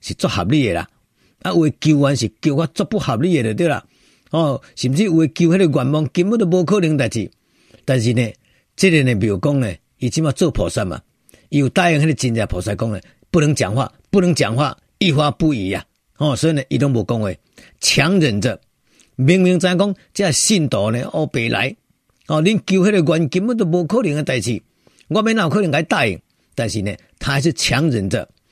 是做合理嘅啦，啊有為求願是求我做不合理嘅就對啦，哦，甚至有為求迄個願望根本都無可能代志。但是呢，即個呢，比如講呢，伊即擺做菩薩嘛，伊有答應迄個真正菩薩講呢，不能講話，不能講話，一話不語啊。哦，所以呢，伊攏無講話，強忍着，明明知影講即個信徒呢，黑白來，哦，你求迄個願根本都無可能嘅代志，我哪有可能甲伊答應，但是呢，他還是強忍着。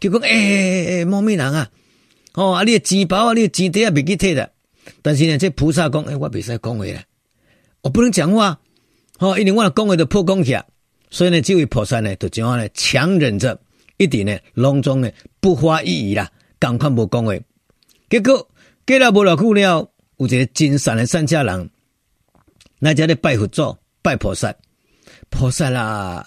就講誒，誒誒誒冇咩人啊，哦，啊，你自包啊，你自底啊未記了。但是呢，即係菩薩講，誒、欸，我未使講話，了，我不能講話，哦，因為我講話就破功起，所以呢，這位菩薩呢就咁樣呢，強忍着，一定呢，隆中呢不發一語啦，趕快冇講話。結果過了冇多久了，有一個金山嘅善下人，嚟咗嚟拜佛祖、拜菩薩，菩薩啦、啊。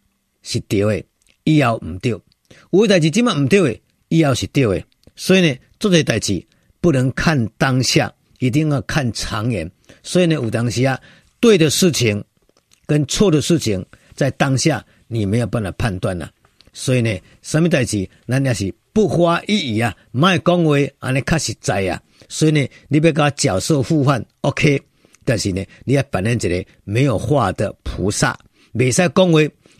是對的，以後唔對，有啲代志即嘛唔對嘅，以後是對嘅。所以呢，做啲代志不能看當下，一定要看長遠。所以呢，有當時啊，對的事情跟錯的事情，在當下你沒有辦法判斷呐。所以呢，什麼代志，咱也是不花一語啊，賣講話，安尼較實在啊。所以呢，你別搞角色互換，OK？但是呢，你要扮演一個沒有話的菩薩，未使講話。